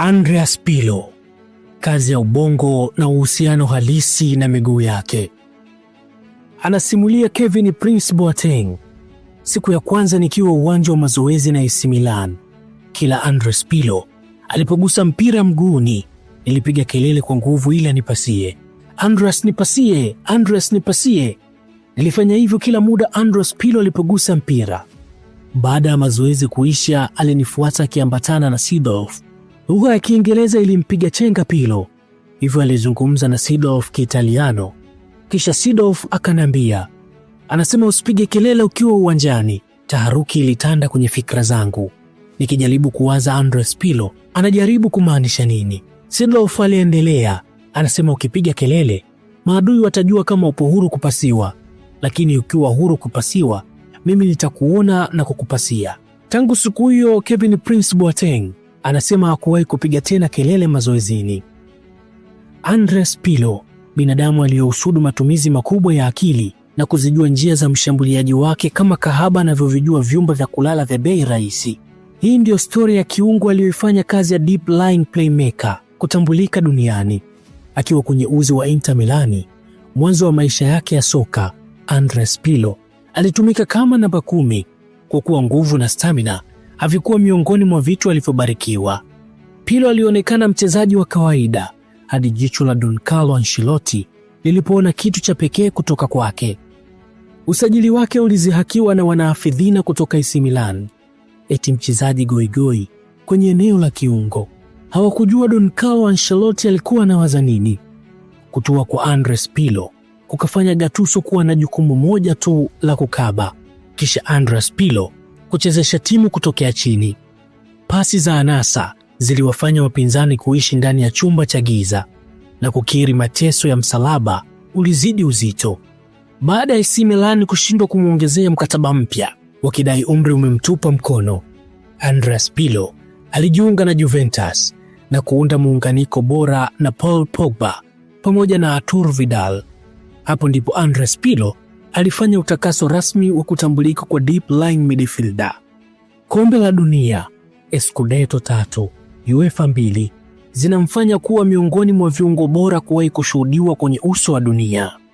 Andreas Pilo, kazi ya ubongo na uhusiano halisi na miguu yake. Anasimulia Kevin Prince Boateng, siku ya kwanza nikiwa uwanja wa mazoezi na AC Milan, kila Andreas Pilo alipogusa mpira mguuni, nilipiga kelele kwa nguvu ili anipasie. Andreas, nipasie! Andreas, nipasie! Nilifanya hivyo kila muda Andreas Pilo alipogusa mpira. Baada ya mazoezi kuisha, alinifuata akiambatana na Seedorf Lugha ya Kiingereza ilimpiga chenga Pilo, hivyo alizungumza na Sidolf Kiitaliano. Kisha Sidolf akanambia, anasema usipige kelele ukiwa uwanjani. Taharuki ilitanda kwenye fikra zangu, nikijaribu kuwaza Andres Pilo anajaribu kumaanisha nini. Sidolf aliendelea, anasema ukipiga kelele maadui watajua kama upo huru kupasiwa, lakini ukiwa huru kupasiwa, mimi nitakuona na kukupasia. Tangu siku hiyo Kevin Prince Boateng anasema hakuwahi kupiga tena kelele mazoezini. Andres Pilo, binadamu aliyohusudu matumizi makubwa ya akili na kuzijua njia za mshambuliaji wake kama kahaba anavyovijua vyumba vya kulala vya bei rahisi. Hii ndiyo stori ya kiungo aliyoifanya kazi ya deep line playmaker kutambulika duniani. Akiwa kwenye uzi wa Inter Milani mwanzo wa maisha yake ya soka, Andres Pilo alitumika kama namba kumi kwa kuwa nguvu na stamina havikuwa miongoni mwa vitu alivyobarikiwa. Pirlo alionekana mchezaji wa kawaida hadi jicho la Don Carlo Ancelotti lilipoona kitu cha pekee kutoka kwake. Usajili wake ulizihakiwa na wanaafidhina kutoka AC Milan, eti mchezaji goigoi kwenye eneo la kiungo. Hawakujua Don Carlo Ancelotti alikuwa anawaza nini. Kutua kwa Andres Pirlo kukafanya Gattuso kuwa na jukumu moja tu la kukaba, kisha Andres Pirlo kuchezesha timu kutokea chini. Pasi za anasa ziliwafanya wapinzani kuishi ndani ya chumba cha giza na kukiri mateso ya msalaba ulizidi uzito. Baada ya AC Milan kushindwa kumwongezea mkataba mpya, wakidai umri umemtupa mkono, Andreas Pirlo alijiunga na Juventus na kuunda muunganiko bora na Paul Pogba pamoja na Arturo Vidal. Hapo ndipo Andreas Pirlo alifanya utakaso rasmi wa kutambulika kwa deep lying midfielder. Kombe la Dunia, Scudetto tatu, UEFA mbili zinamfanya kuwa miongoni mwa viungo bora kuwahi kushuhudiwa kwenye uso wa dunia.